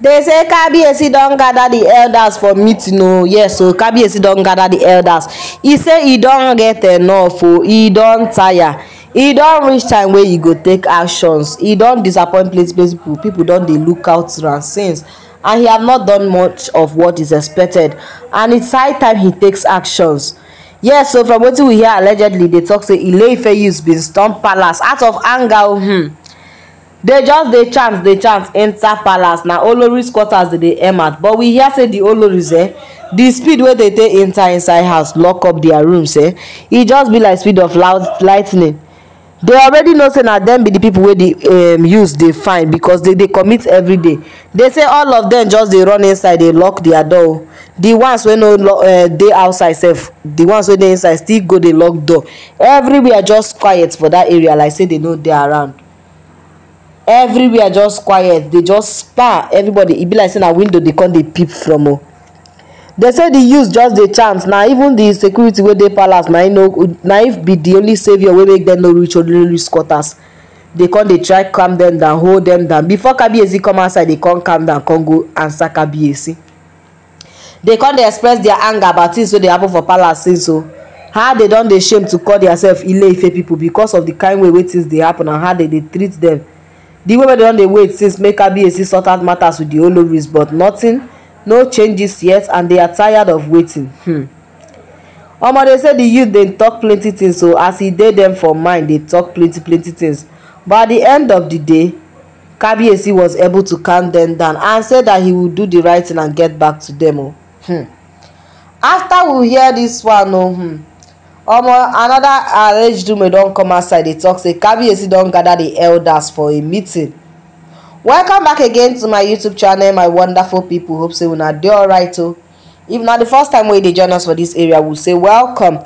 they say kabiyesi don gather the elders for meeting o yes o so kabiyesi don gather the elders He say he don get enough o he don tire e don reach time wey e go take actions e don disappoint place place people people don dey look out am since and he have not done much of what is expected and it's high time he takes actions yes yeah, so from wetin we hear allegedly dey talk say ile ife use bin storm palace out of anger hmm. They just dey chant dey chant enter palace na oloris quarters dey dey aim at but we hear say the oloris eh The speed wey dey take enter inside house lock up their rooms eh e just be like speed of loud lightning They already know say na them be the people wey di um, youths dey find because they dey commit every day They say all of them just dey run inside dey lock their door oh. The ones wey no uh, dey outside sef The ones wey dey inside still go dey lock door everywhere just quiet for that area like say they no dey around everywhere just quiet dey just spa everybody e be like say na window dey come dey peep from o oh. dem say di youths just dey chant na even di security wey dey palace na im e e be di only saviour wey make dem no reach olori's quarters dey come dey try calm dem down hold dem down before kabiyesi come outside dey come calm down come go answer kabiyesi dey come dey express their anger about things wey dey happen for palace since o oh. how dey don dey shame to call theirself ile ife pipo because of the kind way wey things dey happen and how dey dey treat dem di women don dey wait since make kabiyesi sort out matters with di oloris but nothing no changes yet and they are tired of waiting hmm. omo dey say di youth dey talk plenty things o so as e dey dem for mind dey talk plenty plenty things but at di end of di day kabiyesi was able to calm dem down and say that he will do the right thing and get back to dem o. Oh. Hmm. after we hear this one o. Oh, hmm omo anoda arranged dume don come outside dey tok say kabiyesi don gather the elders for a meeting welcome back again to my youtube channel my wonderful people. hope say una dey alright o oh. if na the first time wey dey join us for this area we say welcome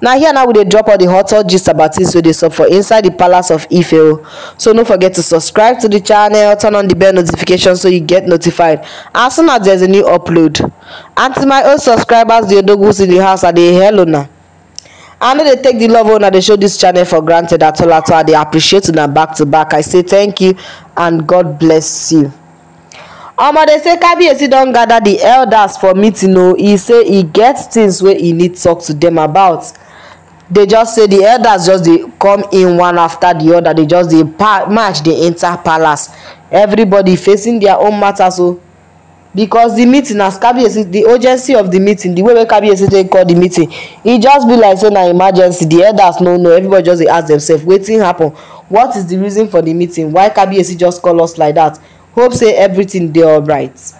na here now we dey drop all the hot hot gist about tins wey dey sup for inside the palace of ife o oh. so no forget to subscribe to the channel turn on the bell notification so you get notified as soon as there's a new upload and to my old subscribers the odogus in the house i dey hail una i no dey take the love una they show this channel for granted at all at all they appreciate it una back to back i say thank you and god bless you omo they say kabiyesi don't gather the elders for meeting No, he say he gets things where he need talk to them about They just say the elders just dey come in one after the other They just dey march dey enter palace everybody facing their own matters So because the meeting as kabiyesi the urgency of the meeting the way wey kabiyesi take call the meeting e just be like say na emergency the elders no know everybody just dey ask themselves wetin happen what is the reason for the meeting why kabiyesi just call us like that hope say everything dey alright.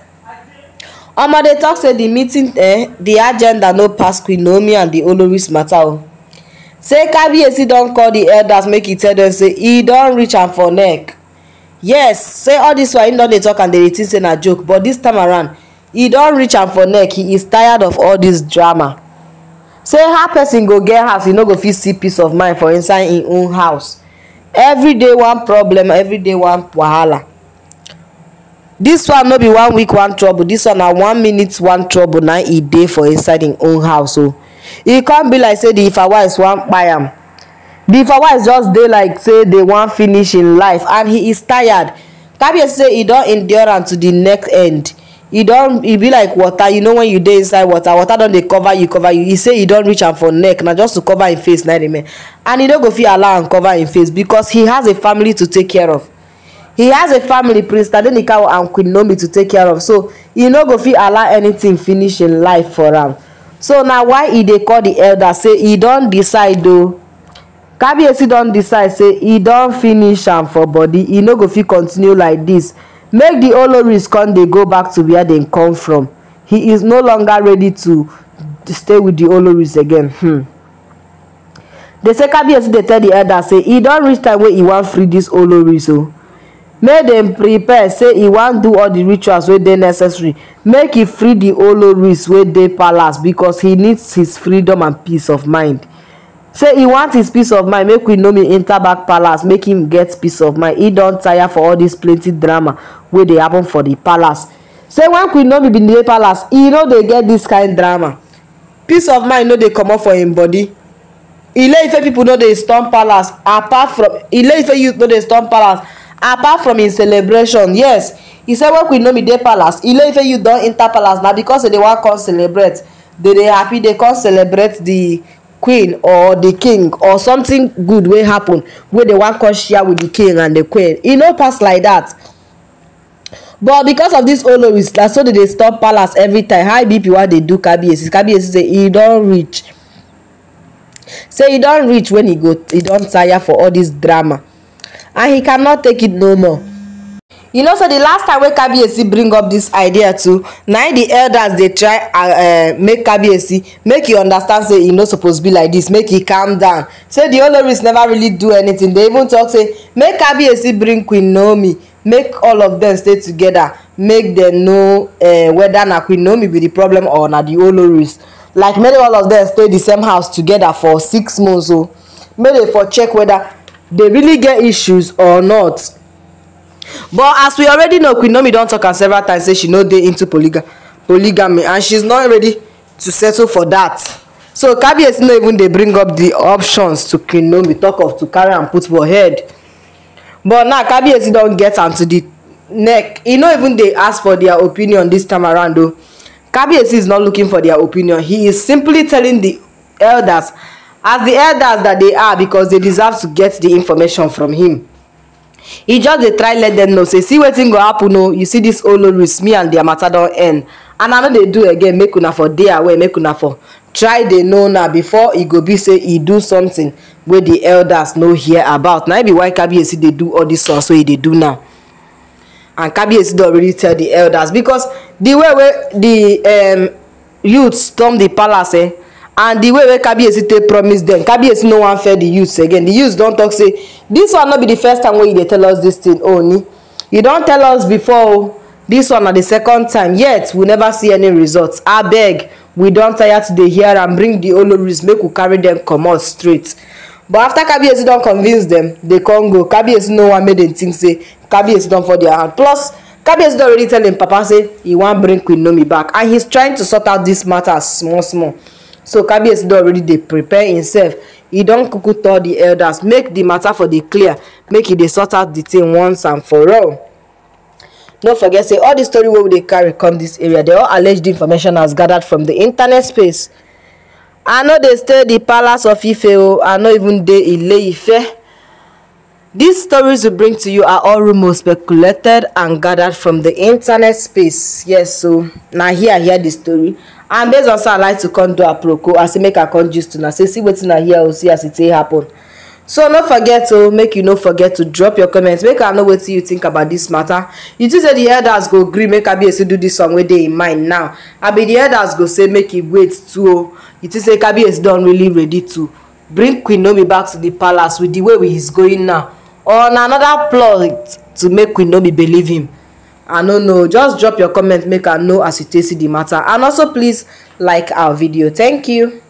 omo dey talk say the meeting eh the agenda no pass queen naomi and the oloris matter o oh. say kabiyesi don call the elders make e tell dem say e don reach am for neck yes say all this while He don dey tok and dey think say na joke but this time around he don reach am for neck He is tired of all this drama say how person go get house he no go fit see peace of mind for inside im own house Every day one problem every day one wahala This one no be one week one trouble This one na one minute one trouble na e dey for inside im own house o oh. e come be like say di ifa wives wan kpai am di fawaz just dey like say they wan finish im life and he is tired kabiyesi say he don endure am to di next end e don e be like water you know when you dey inside water water don dey cover you cover you e say e don reach am for neck na just to cover im face na remain and e no go fit allow am cover im face because he has a family to take care of he has a family prince tadenikawo and queen nomi to take care of so e no go fit allow anything finish im life for am so na why e dey call the elder say e don decide o kabiyesi don decide say e don finish am for body e no go fit continue like dis make di oloris come dey go back to wia dem come from he is no longer ready to stay wit di oloris again hmm. dey say kabiyesi dey tell di elders say e don reach time wey e wan free dis oloris o make dem prepare say e wan do all di rituals wey dey necessary make e free di oloris wey dey palace becos he needs his freedom and peace of mind say he want his peace of mind make we know me enter back palace make him get peace of mind He don tire for all this plenty drama wey dey happen for the palace say wen queen nomi bin dey palace e no dey get this kind drama peace of mind no dey comot for im body ileife pipo no dey storm palace apart from ileife youth no dey storm palace apart from im celebration yes e say wen queen nomi dey palace ileife youth don enter palace na because say dey wan come celebrate dey dey happy dey come celebrate the queen or the king or something good wey happen wey dey wan come share with the king and the queen e no pass like that. but because of this oloris na so they dey stop palace every time high e bp wan dey do kabiyesi kabiyesi say e don reach say e don reach wen e, e don tire for all this drama and he cannot take it no more you know so the last time wey kabiyesi bring up this idea too na the elders dey try uh, uh, make kabiyesi make e understand say e no suppose be like this make e calm down say the oloris never really do anything They even talk say make kabiyesi bring queen naomi make all of them stay together make them know uh, whether na queen naomi be the problem or na the oloris like make all of them stay the same house together for six months o oh. so. make they for check whether they really get issues or not but as we already know queen Nomi don talk am several times say she no dey into polyga polygamy and she's not ready to settle for that so kabiyesi no even dey bring up the options to queen Nomi talk of to carry am put for head but now kabiyesi don get am to the neck e no even dey ask for their opinion this time around o kabiyesi is not looking for their opinion he is simply telling the elders as the elders that they are because they deserve to get the information from him He just dey try let dem know say see wetin go happen o oh, you see this old risk me and their matter don end and i no dey do again make una for dey aware make una for try dey know na before e go be say e do something wey the elders no hear about na be why kabiyesi dey do all this ones wey he dey do now and kabiyesi don really tell the elders because the way wey the um, youths storm the palace eh and the way wey kabiyesi take promise dem kabiyesi no wan fear the youths again the youths don talk say this one no be the first time wey you dey tell us this thing ooni oh, you don tell us before o oh, this one na the second time yet we never see any result abeg we don tire to dey hear am bring the oloris make we carry dem comot straight but after kabiyesi don convince dem dey come go kabiyesi no wan make dem think say kabiyesi don fall their hand plus kabiyesi don already tell im papa say he wan bring queen nomi back and he's trying to sort out this matter small small so kabiyesi don already dey prepare himself e don kuku tell the elders make the matter for the clear make e dey sort out the thing once and for all no forget say all the story wey we dey carry come this area They all alleged information has gathered from the internet space i know they stay the palace of ife i know even dey ile ife these stories we bring to you are all rumors speculated and gathered from the internet space yes so now here i hear the story and based on say i like to come do aproko i say make i come gist una say see wetin i hear o see as e take happen so no forget to make you no forget to drop your comment make i know wetin you think about dis matter you think say di elders go gree make kabiyesi do dis one wey dey im mind now abi di elders go say make e wait too o you think say kabiyesi don really ready to bring queen nomi back to di palace with di way he is going now or na anoda plot to make queen nomi believe him i no know just drop your comment make i know as you take see the matter and also please like our video thank you